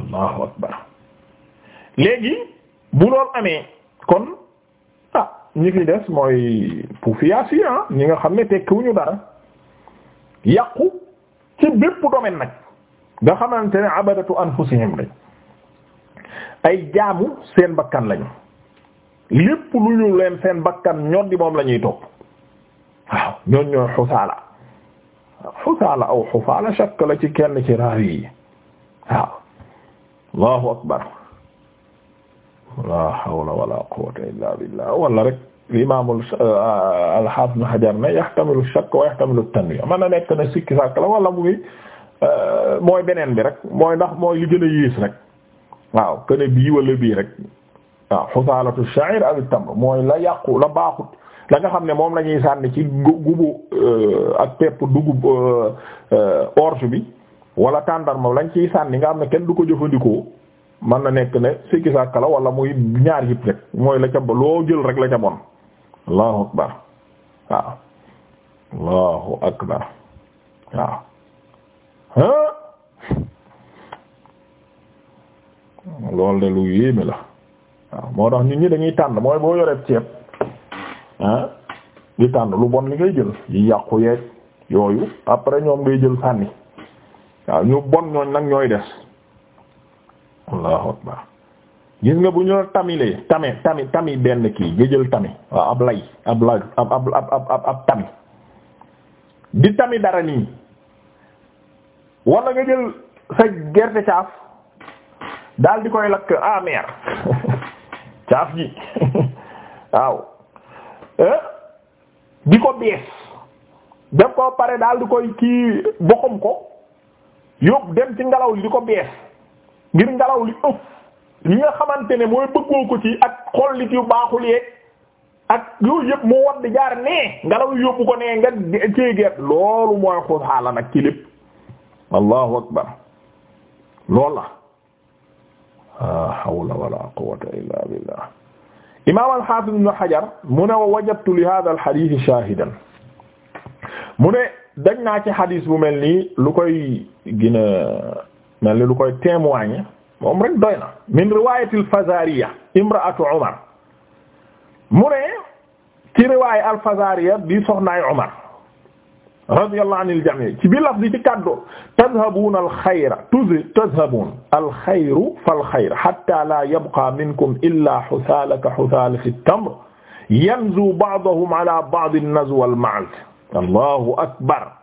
allahu akbar léegi bu lool amee kon ah ñi fi des mooy poufias yi ah ñi nga xam ne tekkiwuñu dara yàqu ci bépp domaine nag nga xamante ne abadatu anfusihim lañ ay jaamu seen bakkan lañu lépp lu ñu leen seen bakkan ñor di moom la ñuy topp waaw ñooñ ñooy xusaala xusaala aw xufaala shakk la ci kenn ci raawi yi allahu akbar la hawla wala quwwata illa billah wala rek l'imam euh, al-hafiz ibn hajar ne yahtamilu shakk wa yahtamilu tanwiya man na nekk na sikki sàkk la wala muy euh, mooy beneen bi rek mooy ndax mooy li gën a yiis rek waaw kene bii wala bii rek waaw xusaalatu sha'ir aw tamr mooy la yàqu la baaxut la nga xam ne moom la ñuy sànni ci gubu euh, ak pepp dugub orge bi wala tàndarma lañ ciy sànni nga xam ne kenn du ko jëfandikoo man na nekk ne sikki sàkka la wala muy ñaar yëpp rek mooy la ca loo jël rek la ca bon allahu akbar loolu de lu yéeme la waaw moo tax nit ñi dañuy tànn mooy boo yoreeb ceeb ah di tànn lu bon li ngay jël yi yàqu yeeg yooyu après ñoom ngay jël sànni waaw ñu bon ñooñ nag ñooy des allahu akbar gis nga bu ñu tamilee tame tami tami benn kii nga jël tami ab lay ab lay ab ab ab ab tami di tami dara nii wala nga jël sa gerte caaf daal di koy lakk amer caaf ji waaw eh? di ko bees def ko pare daal di koy kii boxom ko yóbbu dem ci ngelaw li di ko bees ngir ngelaw li ëpp li nga xamante ne mooy bëggoo ko ci ak xollit yu baaxul yeeg ak yooyu yëpp mu war di jaar nee ngelaw yi yóbbu ko nee nga céegeet loolu mooy xusxaala nag ci lépp allahu akbar loolu la la hawla wala quwwata illa billah imam al mu ne wa wajadtu li ne dañ ci hadith bu mel ni lu koy gën a mel ni lu koy témoigner moom rek doy na min riwayatil fazariya imraatu umar mu ne ci riwaaya al fazariya bi soxnaay umar radiyallahu anil jami ci bi lafzi ci kaddu tadhabuna al khayra tuzi tadhabun al khayru fal khayr hatta la yabqa minkum illa huthalaka huthalati at-tamr yanzu ba'dahum ala ba'd an-nazw wal ma'z allahu akbar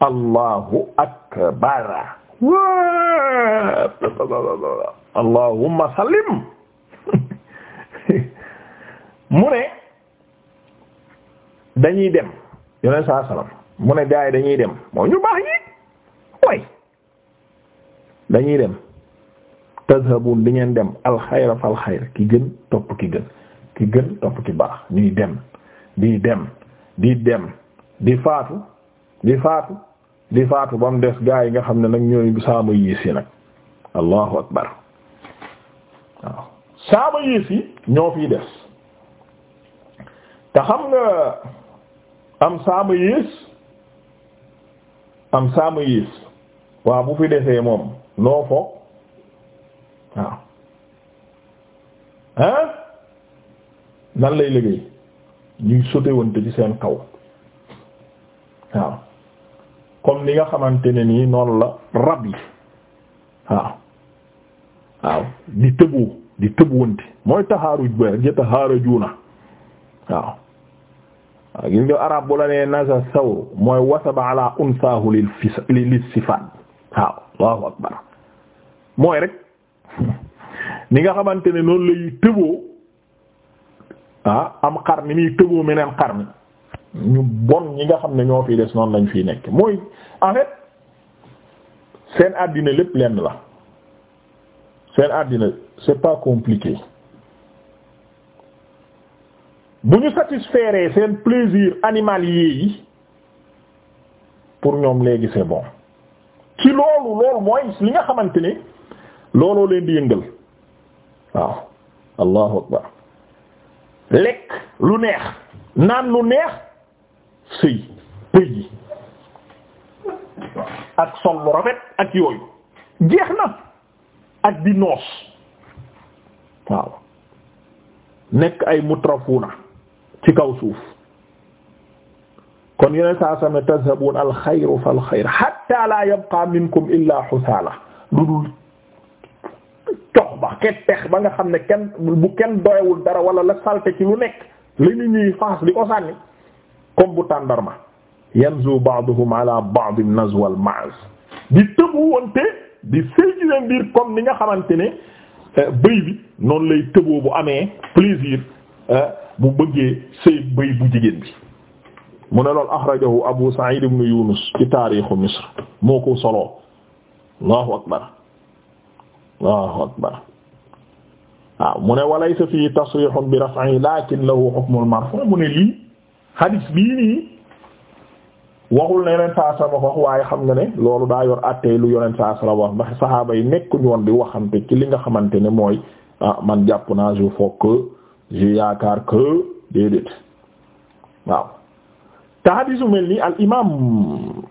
allahu akbar allahumma sallim mu ne dañuy dem yoneen saa salaam mu ne gaay dañuy dem moo ñu baax ñi way dañuy dem tadhabun di ngeen dem alxayra fa alxayra ki gën topp ki gën ki gën topp ki baax ñuy dem di dem di dem di faatu di faatu li faatu ba mu des gaa yi nga xam ne nag ñooy saama yiis yi nag allahu akbar waaw saama yiis yi ñoo fiy des te xam nga am saama yiis am saama yiis waaw bu fi desee moom noo foog waaw hein nan lay liggéey ñuy sotewante ci seen kaw waaw comme li nga xamante ne nii noonu la rab yi waaw waaw di tëbu di tëbuwante mooy taxaaruj ba ja taxaarajuuna waaw waaw gis nga arab bu la nee nasa sawru mooy wasaba ala unsaahu lil fis lil sifaat waaw allahu akbar mooy rek ni nga xamante ne noonu lay tëboo ah am xar ni muy tëboo meneen xar mi ñu bon ñi nga xam ne ñoo fi des noonu lañ fiy nekk mooy en seen àddina lépp lenn la seen àddina c'est pas compliqué bu ñu satisfaire seen plaisir animalier yi pour ñoom léegi c'est bon ci loolu loolu mooy li nga xamante ni looloo leen di yëngal waaw allahu akbar lekk lu neex naan lu neex sëy pëy ji ak sol lu rafet ak yooyu jeex na ak di noos nekk ay mutrafuna ci kaw suuf kon yeneen saa same tazhabun al xayru fal xayr hatta la yabqa minkum illa xusaala lu dul cox ba xetteex ba nga xam ne kenn bu kenn doyewul dara wala la salte ci lu nekk li nit ñuy faas di comme bu tàndarma yanzu ba'duhum ala ba'd an-nazwa al-ma'z di tëbuwante di sëy ci seen biir comme ni nga xamante ne euh, bëy bi noonu lay tëboo bu amee plaisir euh, bu bëggee sëy bëy bu jigéen bi mu ne loolu axrajahu Abu Sa'id ibn Yunus ci taarixu Misr moo ko soloo Allahu akbar Allahu akbar waaw mu ne walaysa fii tasrihun bi raf'i lakin lahu hukmul marfu' mu ne lii hadis bii nii waxul ne yonent saa salaam waaye xam nga ne loolu daa yor àttee lu yonent saa salaam ndax saxaaba yi nekkuñu woon di waxante ci li nga xamante ne mooy ah, man jàpp naa je faut que je yaakaar que déedéet waaw. te hadisu mel nii al imaam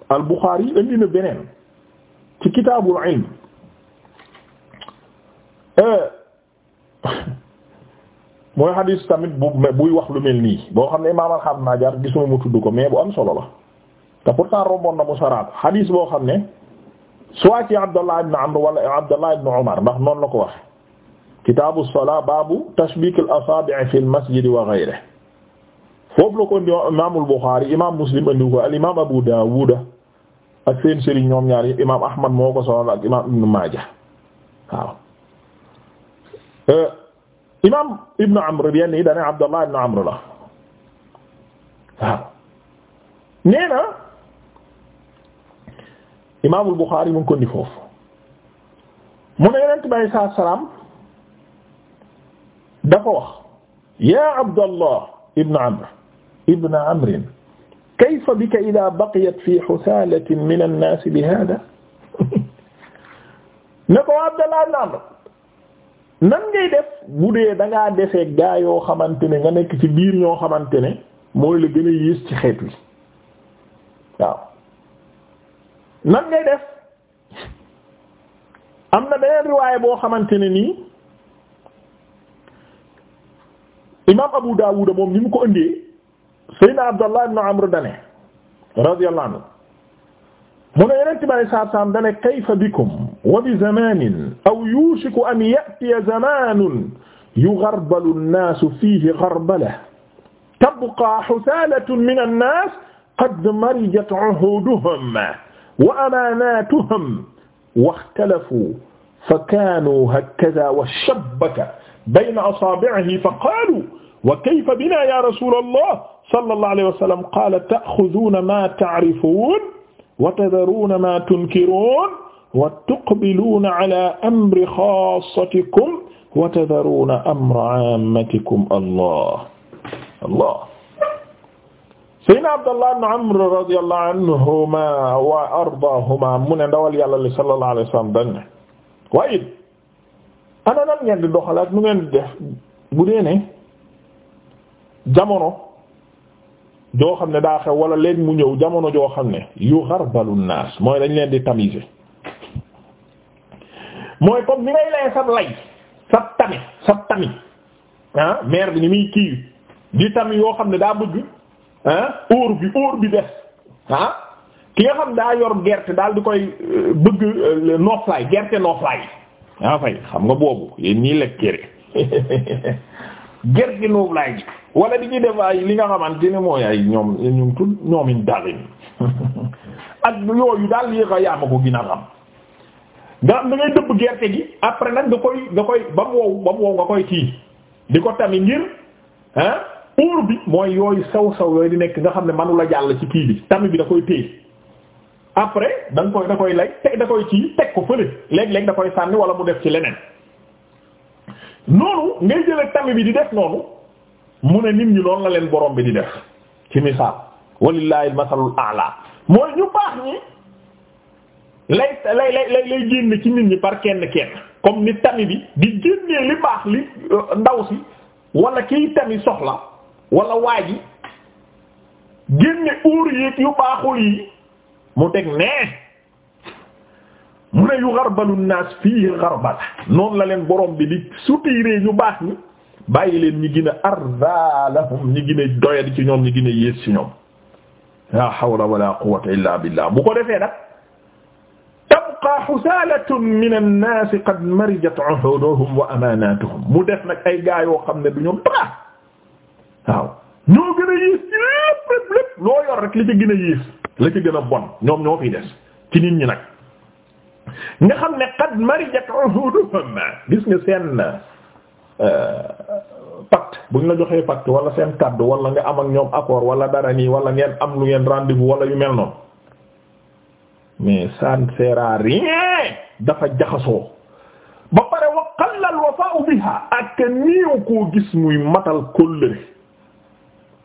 al Bukhari indi na beneen ci kitaabul ilm eh, mooy xadiis tamit bu buy wax lu mel nii boo xam ne imaam alxam naa jar gisuma tudd ko mais bu am solo la te pourtant romboon na mu saraat xadiis boo xam ne soit ci Abdallah ibn Amr wala Abdallah ibn Umar ndax noonu la ko wax kitaabu salaa baabu tashbiik al asaabi' fi al masjid wa ghayrihi foofu la ko imaamul Buxaari imaam Muslim indi ko al imaam Abu Daawuda ak seen sëriñ ñoom ñaar imaam Ahmad moo ko solal ak imaam Ibn Maaja waaw imaam Ibn Amr yenn yi dana Abdallah Ibn Amr la waaw nee na imaamul Buxaari mu ngi ko ni foofu mu ne Yonent bi alayhi salaatu salaam dafa wax yaa Abdallah Ibn Amr Ibn Amr kayfa bika idaa baqiyat fii xusaalatin mina nnaasi bi haadaa ne ko Abdallah Ibn Amr nan ngay def bu dee da defe desee gaa yoo xamante ne nga nekk ci biir ñoo xamante ne mooy la gën a yées ci xeet wi waaw nan ngay def am na beneen riwaay boo xamante ne nii imaam Abu Dawud moom ni mu ko ëndee Seydina Abdallah ibn Amr dane radiyallahu anhu mu ne yeneen ci saab saab dane kayfa bikum wa bi zamanin aw yusiku an yatiya zamanun yugarbalu nnaasu fiihi garbala tabqa xusaalatun min annaas qad marijat uhuuduhum wa amaanaatuhum waxtalafuu fakaanuu hakazaa wa shabbaka bayna asaabi'ihi faqaaluu wa kayfa binaa yaa rasuulallah sallallahu alayhi wa sallam qaala ta'xuzuuna maa ta'rifuun wa tadaruuna maa tunkiruun wa tuqbiluuna ala amri xaassatikum wa tadaruuna amra ammatikum allah allah sayyidina abdallah ibn amr radiyallahu anhuma wa ardaahuma mu ne ndawal yàlla li sallallahu alayhi wa sallam dañ ne waaye ana nan ngeen di doxal ak nu ngeen di def bu dee ne jamono joo xam ne daa xew wala léegi mu ñëw jamono joo xam ne yu garbalu naas mooy dañ leen di tamiser mooy comme ni ngay lay sab lay sab tami sab tami ah maire bi ni muy kii di tami yoo xam ne daa bëgg ah óor bi óor bi des ah, ki nga xam daa yor gerte daal di koy euh, bëgg euh, nooflaay gerte nooflaay ah, yaa xam nga boobu yéen ñii lekk kere wala di ñuy def ay li nga xamante ne mooy ay ñoom ñu ngi ñoomin dalin ak yooyu daal yéex a yaama ko gën a xam nga xam da ngay dëbb gerte gi après nag nga koy nga koy ba mu wow ba wow nga koy kii di ko tamit ngir ah uur bi mooy yooyu saw saw yooyu di nekk nga xam ne manula jàll ci kii bi tamit bi da koy téye après da nga koy da koy lay teg da koy kii teg ko fële léeg-léeg da koy sànni wala mu def ci leneen noonu ngay jëlee tamit bi di def noonu mu ne nit ñi noonu la leen borom bi di def ci misaal walillahi masalul a'la mooy ñu baax ñi lay lay lay lay génn ci nit ñi par kenn kenn comme ni tami bi di génnee li baax li euh, ndaw si wala kiy tami soxla walla waa ji génne uur yéeg yu baaxul yi mu teg nee mu ne yu xarbalu naas fii xarbala noonu la leen borom bi di suturee ñu baax ñi bàyyi leen ñu gën a arzalahum ñi gën a doyadi ci ñoom ñi gën a yées ci ñoom la hawla wala quwwata illa billah bu ko defee nag talqa xusaalatun min an-naas qad marijat uhuduhum wa amaanatuhum mu def nag ay gaa yoo xam ne du ñu baax waaw ñoo gën a yiis lépp lépp loo yor rek li ci gën a yiis li ci gën a bon ñoom ñoo fiy des ci nit ñi nag nga xam ne qad marijat uhuduhum gis nga seen euh, pacte bu ñu la joxee pacte wala seen kàddu wala nga am ak ñoom accord wala dara nii wala ngeen am lu yeen rendez-vous wala yu mel noonu mais ça ne sert à rien dafa jaxasoo ba pare wa qalla al biha ak niiw koo gis muy matal kóllëre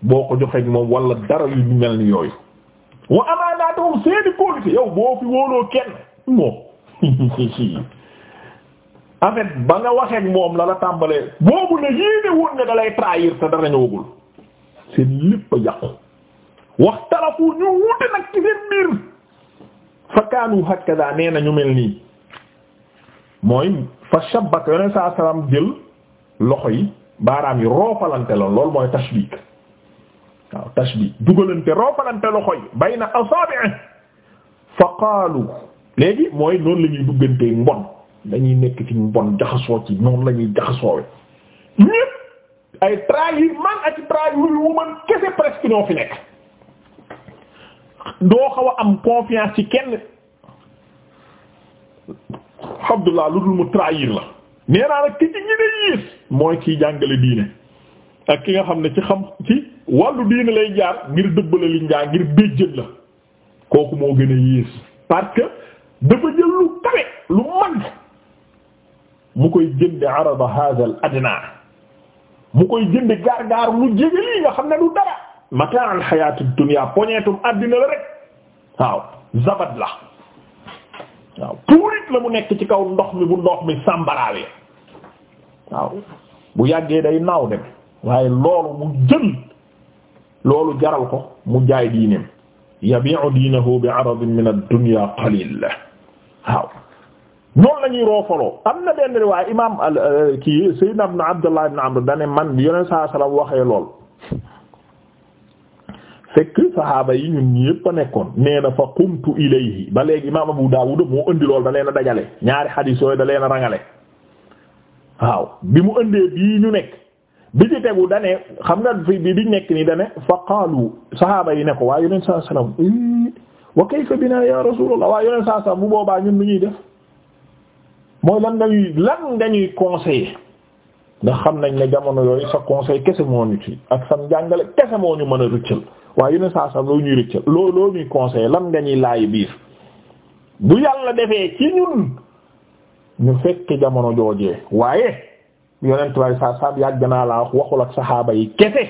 boo ko joxeek moom wala dara yu mel ni yooyu wa amaanaatuhum seeni kóolite yow boo fi wóoloo kenn moom en ba nga waxeek moom la la tàmbalee boobu ne yéene woon ne da trahir te dara ñëwagul seen lépp a yàqu waxtalafu ñu wute nag ci seen mbir fa kaanu hakada nee na ñu mel nii mooy fa shabbaka yoneen saa salaam jël loxo yi baaraam yi roofalante loolu mooy tashbik waaw tashbik dugalante roofalante loxo yi bayna asaabi'i fa qaalu léegi mooy noonu la ñuy mbon dañuy nekk ci mbon jaxasoo ci noonu la ñuy jaxasoowe ñépp ay trahir man ak trahir yu man kese presque ñoo fi nekk doo xaw a am confiance ci kenn Abdullah lu dul mu trahir la nee naa ki ci gine yiis mooy kiy jàngale diine ak ki nga xam ne ci xam ci wàllu diine lay jaar ngir dëbbale liñ jaar ngir béjjën la kooku moo gën a yiis parce que dafa jël lu kawe lu mag mu koy jënd araba hadha al mu koy jënde gaar gaar lu jege nga xam ne du dara mataa al xayaati dunya poñeetum àddina la rek waaw zabat la waaw mu nekk ci kaw ndox bu ndox mi sàmbaraawee bu yàggee day naaw dem waaye loolu mu jël loolu jaral ko mu jaay diineem yabi'u diinahu bi 'aradin min ad-dunya qalil waaw noonu la ñuy am na benn riwaay imaam al euh, kii Sayyidina Abdullah ibn Amr dane man bi yoneen saa salaam waxee lool fekk saxaaba yi ñun ñépp a nekkoon nee fa qumtu ilayhi ba léegi imaam Abu Daawud moo indi lool da leen dajale ñaari xadiis yooyu da leen a rangale waaw bi mu indee bii ñu nekk bi ci tegu dane xam nga fi bi di nekk ni dane fa qaalu saxaaba yi ne ko waa yoneen saa salaam wa kayfa waa yoneen saa salaam boobaa ñun lu ñuy def mooy lan dañuy lan dañuy conseiller ndax xam nañ ne jamono yooyu sa conseil kese moo ñu ci ak sam njàngale kese moo ñu mën a waaye yeneen saa sax loo ñuy rëccal loo loo ñuy conseillé lan nga ñuy laaj biir bu yàlla defee ci ñun ñu fekk jamono joojee waaye yonent waaye saa saab yàgg naa laa waxul ak saxaaba yi kese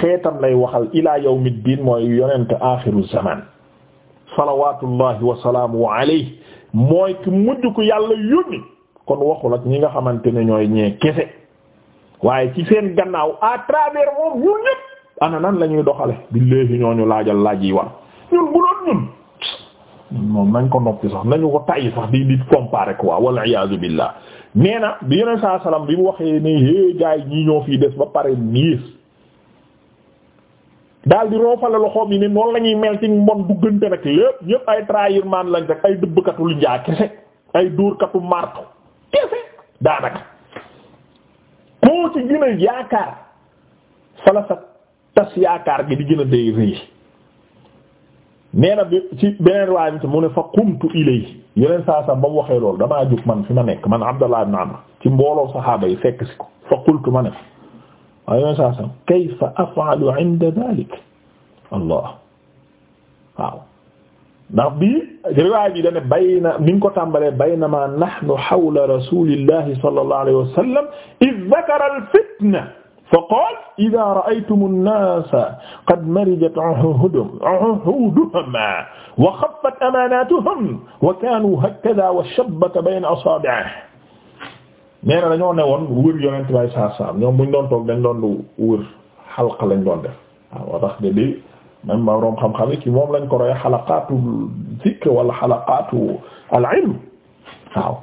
xeetam lay waxal ilaa yawmiddiin mooy yonent aaxiru zamaan salawaatullahi wa salaamu alayhi mooy ki mujj ku yàlla yónni kon waxul ak ñi nga xamante ne ñooy ñee kese waaye ci seen gannaaw à moom ñun ñépp ana nan la ñuy doxale bi léegi ñooñu laajal laaj yi war ñun bu doon ñun moom nañ ko noppi sax nañu ko tàyyi sax di di comparer quoi wal iyaazu billah nee na bi yeneen saa salaam bi mu waxee nii hé gaay ñii ñoo fii des ba pare niis daal di roofale loxoom yi ne noonu la ñuy mel ci mbon duggante rek lépp ñëpp ay trahir man lañ rek ay dëbbkatul njaa kese ay dóorkatu martu kese daanaka koo ci gën yaakaar fala sa tas yaakaar gi di gën a day rëy nee na bi ci beneen waaye mu ne fa qumtu ilay yeneen saa sax ba mu waxee loolu damaa jóg man fi ma nekk man Abdallah ibn Amr ci mbooloo saxaaba yi fekk si ko fa qultu ma ne ko waaye yeneen saa sax kayfa af'alu 'inda dhalik allah waaw ndax bii riwaay bi dane bayna mi ngi ko tàmbalee baynama nahnu hawla rasulillahi sallallahu alayhi wa sallam iz dhakara al fitna fa qaala idaa ra'aytumu nnaasa qad marijat uhuduhum wa xaffat amaanaatuhum wa kaanuu hakazaa wa shabbaka bayna asaabi'ihi nee na dañoo ne woon wër yonent bi sallallahu alayhi wa sallam ñoom bu ñu doon toog dañ doon wër xalqa lañ doon def waaw tax de bi même ma room xam-xam ci moom lañ ko royee xalaqaatu zikr wala xalaqaatu al-ilm waaw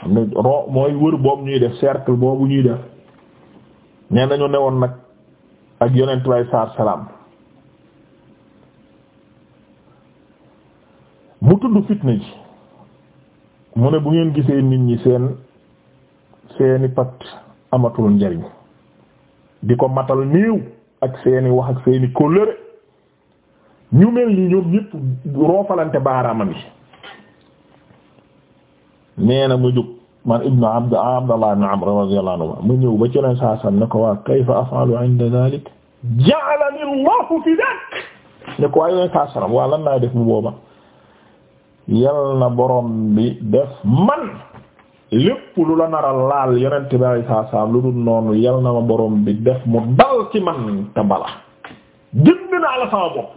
xam ne ro mooy wër boobu ñuy def cercle boobu ñuy def. ñeen ne woon nag ak yonent bi alayhi salaam mu tudd fitna ji mu ne bu ngeen gisee nit ñi seen seeni pat amatul njariñ di ko matal néew ak seeni wax ak seeni kóllëre ñu mel ni ñoom ñépp roofalante baaraamam yi nee mu jóg man ibnu abd abdallah ibn amr radiyallahu anhu mu ñëw ba ci leen saasam ne ko waa kayfa af'alu 'inda dhalik ja'alani allahu fidak ne ko waaye leen saasanam waa lan naa def mu booba yal na borom bi def man lépp lu la nar a laal yonent bi ay saasaam lu dul noonu yal na ma borom bi def mu dal ci man te bala jënd naa la sama bopp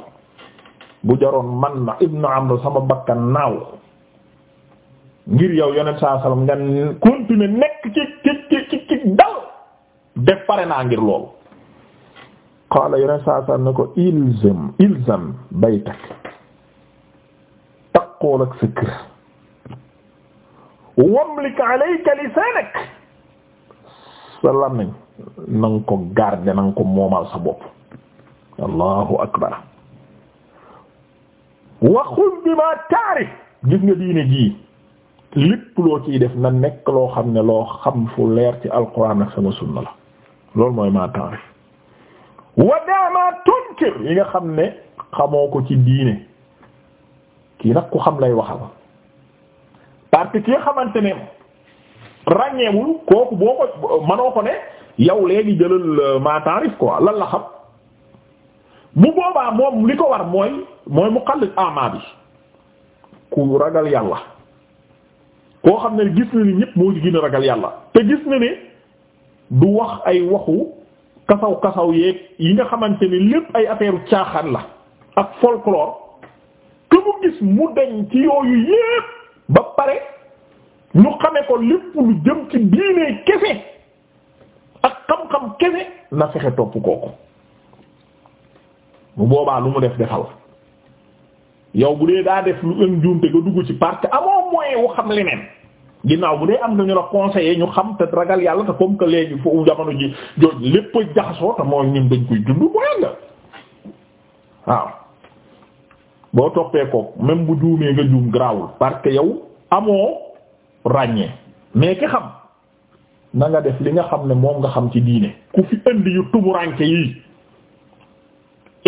bu jaroon man na ibnu amr sama bakkan naaw ngir yow yonent saa salaam nga continuer nekk dal def naa ngir lool qaala yonent salaam ne ilzam ilzam baytak taqool wamlik alayka lisaanak sa làmmiñ na ko garder na nga ko moomal sa bopp akbar wa xud bima ta'rif gis nga diine ji lépp loo ciy def na nekk loo xam ne loo xam fu leer ci alquran ak sama sunna la loolu mooy ma taarif wa dama yi nga xam ne xamoo ko ci diine kii nag ku xam lay waxal parce que ki xamante ne ràññeewul kooku boo ko manoo ko ne yow léegi jëlal euh, ma taarif quoi la xam bu boobaa moom li ko war mooy mooy mu xallil ama bi ku ragal yàlla koo xam ne gis na ni ñëpp moo ci gën ragal yàlla te gis na ne du wax ay waxu kasaw kasaw yeeg yi nga xamante ni lépp ay affaire caaxaan la ak folklore que mu gis mu dañ ci yooyu yépp ba pare ñu xame ko lépp lu jëm ci diine kese ak xam-xam kese na fexe topp kooku bu boobaa lu mu def defal yow bu dee daa def lu ën juumte nga dugg ci parc amoo conseillé wu xam leneen ginnaaw bu dee am nañu la conseillé ñu xam te ragal yàlla te comme que léegi foofu jamono ji jooju lépp jaxasoo te mooy ñun dañ koy dund mooy la waaw boo toppee ko même bu juumee nga juum garaawul parce que yow amoo ràññee mais ki xam na nga def li nga xam ne moom nga xam ci diine ku fi indi yu tumurànke yi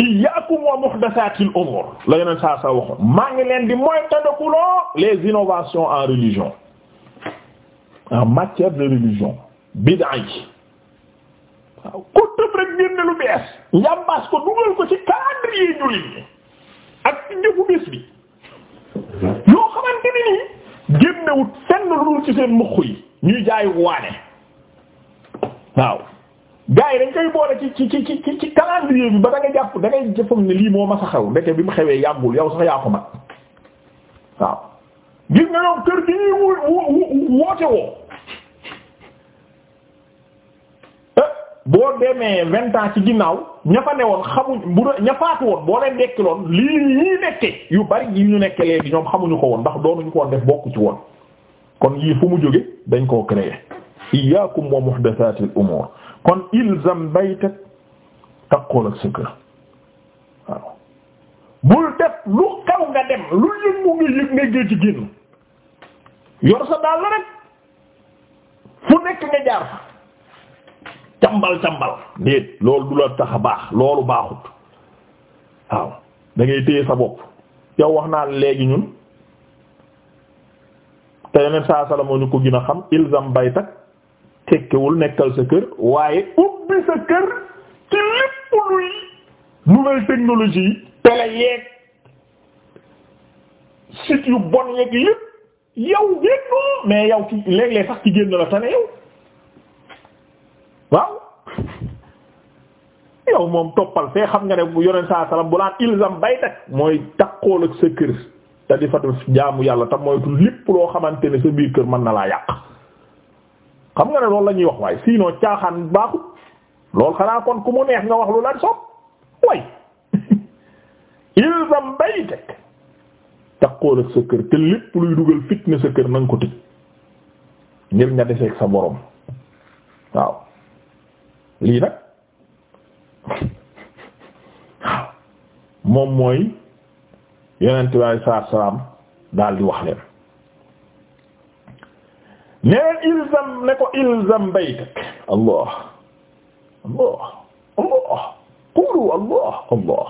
iyyaakum wa muhdathaatil umuur la yeneen saa saa waxoon maa ngi leen di mooy tëddakuloo les innovations en religion en matière de religion bid'a yi waaw ko dugal ko ci cadre yi jullit ak ci njëfu yoo xamante ni nii génnewut fenn lu dul ci seen mukk yi ñuy jaay waane waaw gars yi dañ koy boole ci ci ci ci ci calendrier bi ba da nga jàpp da ngay jëfam ne lii moo ma sa xew ndeke bi mu xewee yàggul yow sax yaa ko mag waaw gis nga ñoom kër gi ñuy woote woo eh, boo demee vingt ans ci ginnaaw ña fa ne woon xamuñ bu woon boo leen dekkiloon lii ñuy nekke yu bari yi ñu nekke léegi ñoom xamuñu ko woon ndax doonuñu ko woon def bokku ci woon kon yii fu mu jóge dañ koo créer iyyakum wa muhdathatil umur kon ilzam baytak takkool ak sa waaw bul def lu xew nga dem lu yëg mu ngi yëg ci génn yor sa daal la rek fu nekk nga jaar fa cambal cambal déet loolu du la tax a baax loolu baaxut waaw da ngay téye sa bopp yow wax naa léegi ñun te yeneen saa salamoo ñu ko gën a xam bay baytak tekkewul nekkal sa kër waaye ubbi sa kër ci lépp luy nouvelle technologie yi télé yeeg site yu bon yeeg lépp yow génnoo mais yow ci léeg sax ci génn la tane yow waaw yow moom toppal fee xam nga ne bu yoneen saa salaam bu laan ilzam baytak mooy takkool ak sa kër te di fa def jaamu yàlla tam moytu lépp loo xamante ne sa biir kër mën na laa yàq xam nga ne loolu la ñuy wax waaye sinon caaxaan baaxut loolu xanaa kon ku mu neex nga wax lu la soob way ilzam baytak takkoo ak sa kër te lépp luy dugal fitna sa kër nanga ko tëj ngir nga deseeg sa borom waaw lii nag moom mooy yonent bi sallallahu alayhi wasallam daal di wax leen neen ilzam ne ko ilzam baytak allah allah allah qulu allah allah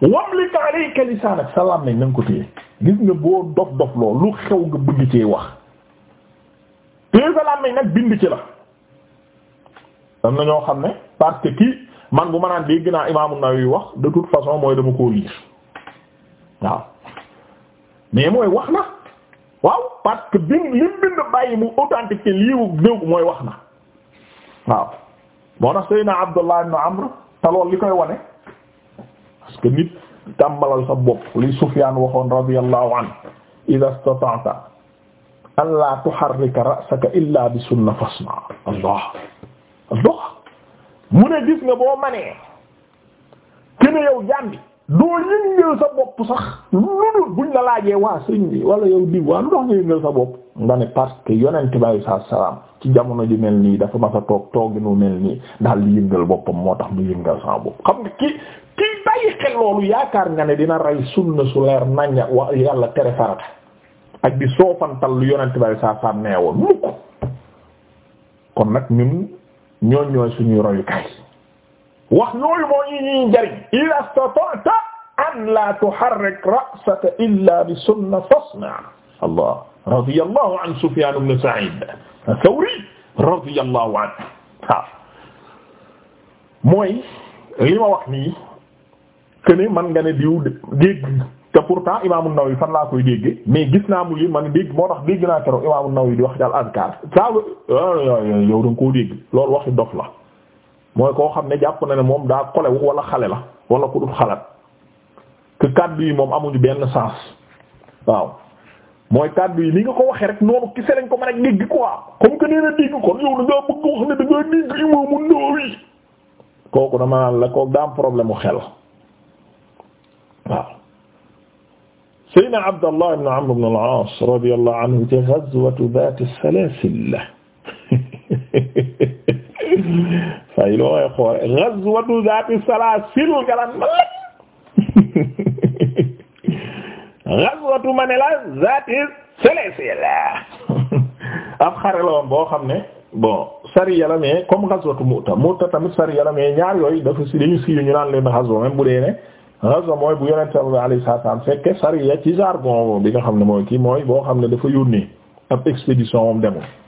wamlik alayka lisaanak salaam nañ nanga ko téye gis nga boo dof dof loo lu xew nga bëgg cee wax téye salaam nañ nag bind ci la am na ñoo xam ne parce que kii man bu ma naan dégg naa Imaam An-Nawawi wax de toute façon mooy dama koo liir waaw mais mooy wax na waaw parce que bi li mu bind bàyyi mu authentique liiwu déwgu mooy wax na waaw moo tax Seydina Abdullah ibn Amr te lool li koy wane parce que nit tàmbalal sa bopp li waxoon radiyallahu anhu idha istata'ta an la tuharrika ra'saka illa bi sunna fasna allah mu ne gis nga boo manee kene yow jàmbi doo yëngal sa bopp sax lu buñ la laajee waa sëñ bi wala yow diw waa lu tax nga yëngal sa bopp nga ne parce que yonent bi alayhi salaam ci jamono ji mel nii dafa mas a toog toog nu mel nii daal di yëngal boppam moo tax mu yëngal sa bopp xam nga ki ki bàyyi xel loolu yaakaar nga ne dina rey sunna su leer nañña wa yàlla tere farata ak di soofantal lu yonent bi alayhi salaam nee woon mukk kon nag ñun ñooñ ñooy suñuy royukaay wax ñooyu moo ñi ñuy jariñ ida istata'ta an la tuharrik ra'saka illa bi sunna fasna' allah radiyallahu an sufyan ibn sa'id ath-thawri radiyallahu anhu waaw mooy li ma wax nii que ne man nga ne diw dégg te pourtant imaamu Nawawi fan laa koy dégg mais gis naa mu li man dégg moo tax dégg naa keroog imaamu Nawawi di wax daal azkaar saa ah, yow da nga koo dégg loolu waxi dof la mooy koo xam ne jàpp na ne moom daa kolewu wala xale la wala ku dul xalaat que kàddu yi moom amuñu benn sens waaw mooy kàddu yi ni nga ko waxee rek noonu kese lañ ko mën a dégg quoi comme que nee na dégg kon yow da ngaa ne da ngaa dégg imaamu Nawawi kooku dama naan la kooku daa mu xel waaw Seydina Abdallah ibn Amr ibn al-As radiyallahu anhu ci ghazwatu Dhaat as-Salaasil fay loo koy xoore ghazwatu zaati salaasil galan ma la ghazwatu ma ne la zaati salaasil ab xare la boo xam ne bon sariya la mais comme ghazwatu Mu'ta Mu'ta tamit sariya la mais ñaar yooyu dafa si dañu siiw ñu naan leen ghazwa même bu dee ne ghazwa mooy bu yonent bi alayhi salaam fekke sariya ci jargon bi nga xam ne mooy kii mooy boo xam ne dafa yónnee ab expédition moom demul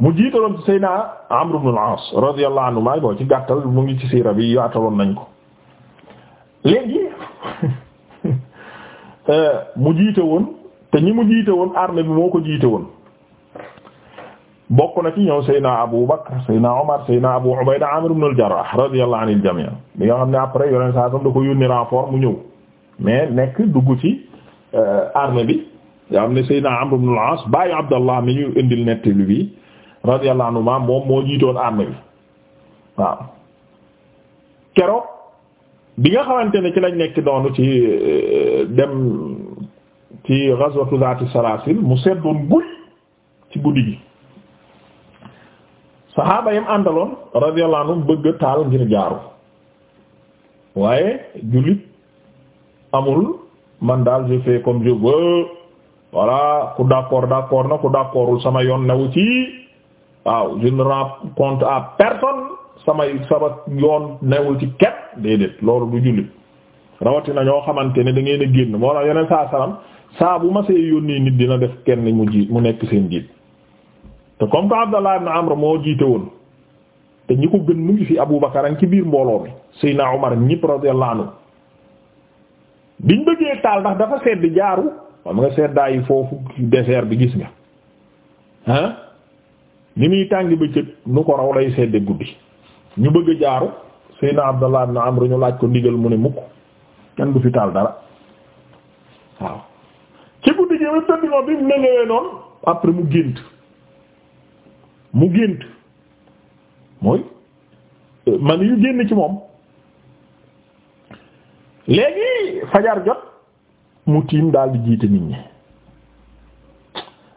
mu jiitaloon ci Seydina Amr ibn al-As radiyallahu anhu maay boo ci gàttal mu ngi ci siira bi yaataloon nañ ko léegi euh, mu jiite woon te ñi mu jiite woon armée bi moo ko jiite woon bokk na ci ñëw Seydina Abu Bakr Seydina Omar Seydina jarrah radiyallahu anil jami' bi xam ne après yoneen saa sam da ko yónni renfort mu ñëw mais nekk dugg ci euh, armée bi nga xam ne Seydina Amr ibn al-As Abdallah mi ñu indil nettali bi radiyallahu anhuma moom moo jiitoon armée bi waaw keroog bi nga xamante ne ci lañ nekk noonu ci euh, dem ci ghazwatu zaati salaasil mu seddoon guy ci guddi gi saxaaba yam àndaloon radiyallahu anhum bëgg taal ngir jaaru waaye jullit amul man daal je fais comme je veux voilà ku d'accord d'accord na ku d'accordul sama yoon newu ci waaw je ne rends à personne samay sama yoon newul ci ket déedéet loolu du jullit rawatina ñoo xamante ne da ngeen génn moo tax yeneen saa salaam saa bu ma see yónnee nit dina def kenn mu ji mu nekk seen jiit te comme que Abdallah ibn Amr moo jiite woon te ñi ko gën mu ngi fi Abu Bakar ci biir mbooloo mi Seydina Omar ñëpp radiyallahu anhu biñ bëggee taal ndax dafa sedd jaaru xam nga seddaay foofu désert bi gis nga ah. li muy tàngi bëccëg nu ko raw lay sedde guddi ñu bëgg a jaaru Seydina Abdallah ibn Amr ñu laaj ko ndigal mu ne mukk kenn du fi taal dara waaw ci guddi gi mu bi mu nelawee noonu après mu gént mu gént mooy man yu génn ci moom léegi fajar jot mu tiim daal di jiite nit ñi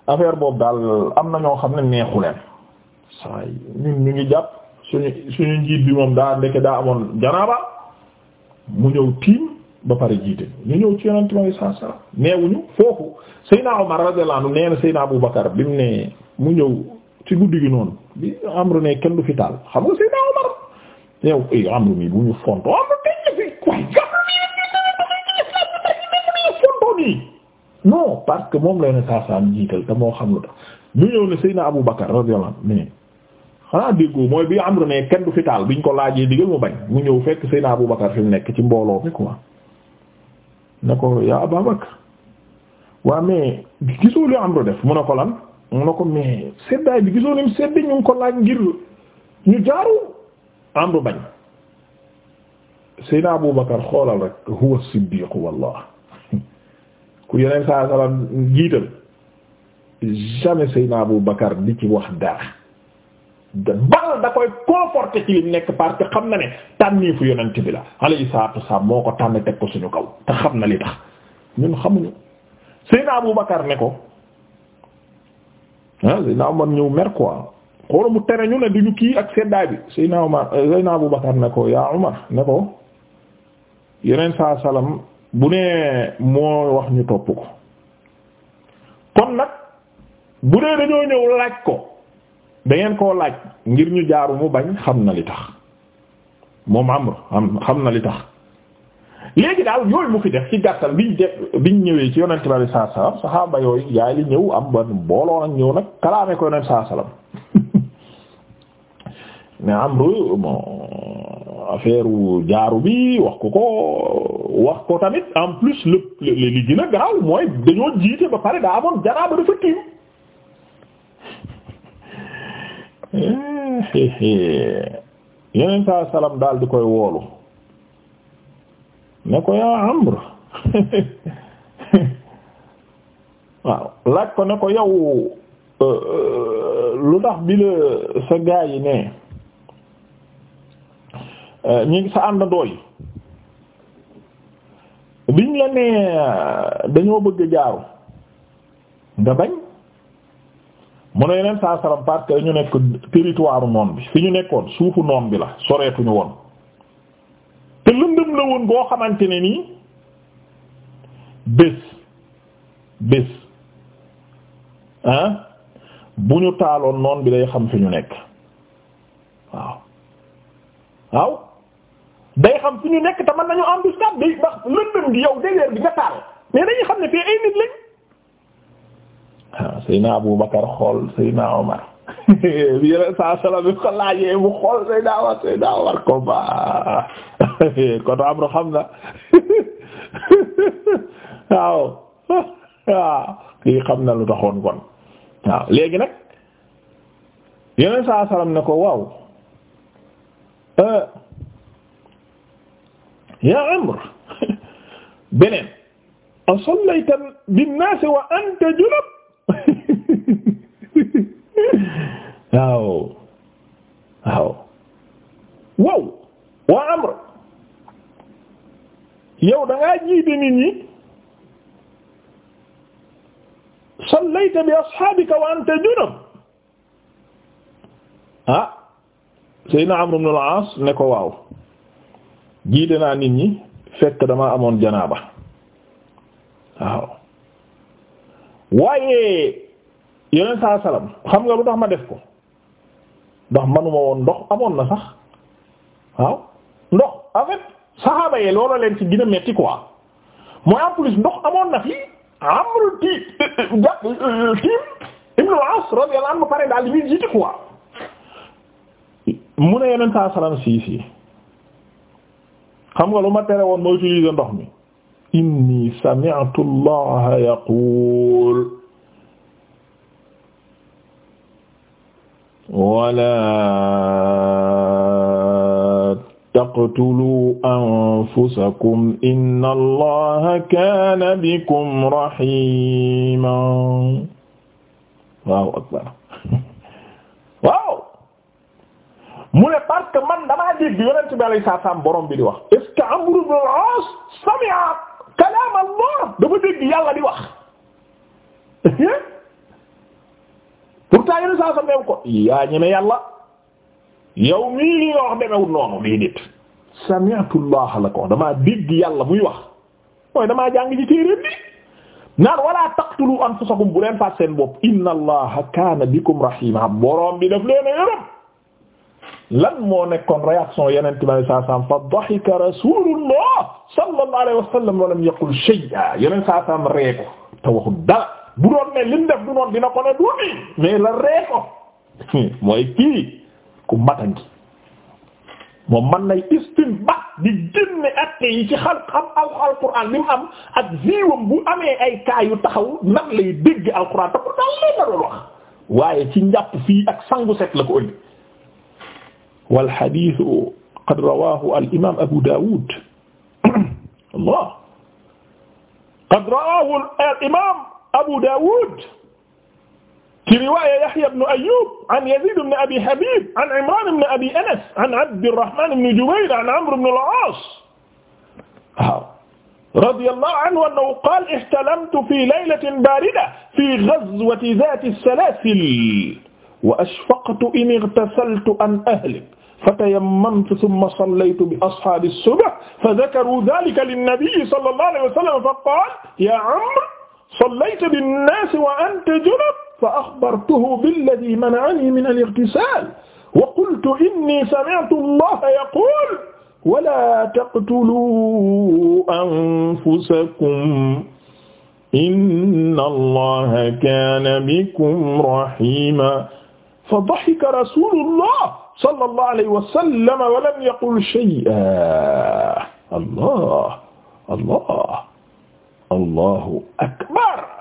affaire boobu daal am na ñoo xam ne neexu saa ñun ñu ngi jàpp suñu suñu njiit bi moom daa ndeke daa amoon janaaba mu ñëw tiim ba pare jiite ñu ñëw ci yonent bi bi mu ne mu ci guddi gi noonu bi Amru xam yow eh Amru moom la yonent saa saa jiital te moo xam lu tax ñu ñëw ne Seydina Abu Bakar radiyallahu anhu xanaa déggoo mooy bi Amru ne kenn du fi taal biñ ko laajee digal mu bañ mu ñëw fekk Seydina Abu Bakar fi mu nekk ci mbooloo mi quoi ne ko yaa Abu Bakar waa mais gisoo li Amru def mu ne ko lan mu ne ko mais seddaay bi gisoo lim sedd ñu ngi ko laaj ngir ñu jaaru Amru bañ Seydina Abu Bakar xoolal rek huwa siddiq wallah ku yeneen saa salaam jiital jamais Seydina Abu Bakar di ci wax dara bal da koy conforté ci nekk parce que xam na ne tànnii fu yonent bi la alayhi salaatu wassalaam moo ko tànn teg ko suñu kaw te xam na li tax ñun xamuñu Seydina Abu Bakar ne ko ah Seydina Umar ñëw mer quoi xoolu mu tere ñu ne du kii ak seddaay bi Seydina Umar euh, Seydina Abu ko yaa Umar ne yeneen saa salaam bu nee moo wax ñu topp ko kon nag bu dee dañoo ñëw laaj ko dangeen ngeen koo laaj ngir ñu jaaru mu bañ xam na li tax moom amr xam na li tax léegi daal yooyu mu fi def ci gàttal biñ def biñ ñëwee ci yonent bi saa salaam saxaaba yooyu yaay li ñëw am ban booloo nag ñëw nag kalaame ko yonent saa salaam mais amru bon affaire jaaru bi wax ko ko wax ko tamit en plus le li gën a garaaw mooy dañoo jiite ba pare daa amoon janaaba dafa tiim Eh, yeneen saa salaam daal di koy woolu ne ko yaa waaw laaj ko ne ko yow eh, eh, lu tax bi la sa gaa yi ne ñi sa àndandoo yi biñ la nee dañoo bëgg jaaru nga bañ mu ne yeneen saa salam parce ñu nekk territoire noon bi fi ñu nekkoon suufu noon bi la soreetuñu woon te lëndëm la woon boo xamante ne nii bés bés ah bu ñu taaloon noon bi day xam fi ñu nekk waaw waaw day xam fi ñu nekk te mën nañu embuscade day ndax lëndëm gi yow dégeer bi nga taal mais dañuy xam ne fii ay nit lañ Seydina Abu Bakar xool Seydina Omar yeneen saa sala bi ko laajee mu xool Seydina Omar Seydina Omar ko ba kon am na xam na waaw waaw kii xam na lu taxoon kon waaw léegi nag yeneen saa salam ne ko waaw eh, yaa Amr beneen asallayta bin naas wa anta junub waaw waaw waa amr yow da ngaa jiite nit ñi sallayta bi ashaabika wa anta junub ah Seydina Amr ibn al-As ne ko waaw jiite naa nit ñi fekk dama amoon janaaba waaw waaye yeneen saa salaam xam nga lu tax ma def ko ndax manuma woon ndox amoon na sax waaw ndox en fait saxaaba yi loolu leen ci gën a metti quoi mooy en plus ndox amoon na fi Amru tiim euh, euh, euh, ibnu As radiyallahu anhu pare mu ne yeneen saa salaam sii xam nga lu ma tere woon ma utiliser ndox mi inni sami'tu Allah wala taqtulu anfusakum inna allaha kaana bikum rahima waaw akbar waaw mu ne parce que man damaa dégg yonent bi alayhi salaam borom bi di wax est-ce que Amru ibn al-As sami'a kalaam Allah dafa dégg yàlla di wax pourtant yenn saa sa meew ko yaa ñeme yàlla yow mii li nga wax demewul noonu bii nit sami'tullah la ko damaa dégg yàlla muy wax mooy damaa jàng ci téeréem bi naan wala taqtulu anfusakum bu leen faat seen bopp inna allaha kaana bikum rahima boroom bi daf leen a yërëm lan moo nekkoon réaction yeneen tamit saa saam fa dahika rasulullah sallallahu alayhi wa sallam wa lam yaqul shay'a yeneen saa saam ree ko te waxul dara bu doon ne lim def du noon dina ko ne duuti mais la ree ko mooy kii ku mata ngi moom man nay istinbat di génne atte yi ci xal xam al alquran li mu am ak ziwam bu amee ay kaa yu taxaw nan lay dégg alquran te pour daal leen la doon wax waaye ci njàpp fii ak sangu set la ko ëndi wal hadith qad rawahu al imam abu dawud allah qad rawahu al imam Abu Dawud ci riwaaya Yahya ibn Ayyub an Yazid ibn Abi Habib an Imran ibn Abi Anas an Abdurrahman ibn Jubayr an Amr ibn al-As waaw radiyallahu anhu annahu qaala ihtalamtu fi laylatin baarida fi ghazwati zaati as-salaasil wa ashfaqtu in ightasaltu an ahlik fatayammamtu thumma sallaytu bi ashaabi as-subh fadhakaruu dhaalika lin-nabiyyi sallallahu alayhi wa sallam faqaala yaa Amr sallayta binnaasi wa anta junub fa axbartuhu billadii mana'anii min al-ightisaal wa qultu innii sami'tu Allaha yaquul walaa taqtuluu anfusakum inna Allaha kaana bikum rahiimaa fadahika rasuulullaah sallallahu alayhi wa sallam wa lam yaqul shay'an. Allah Allah. allahu akbar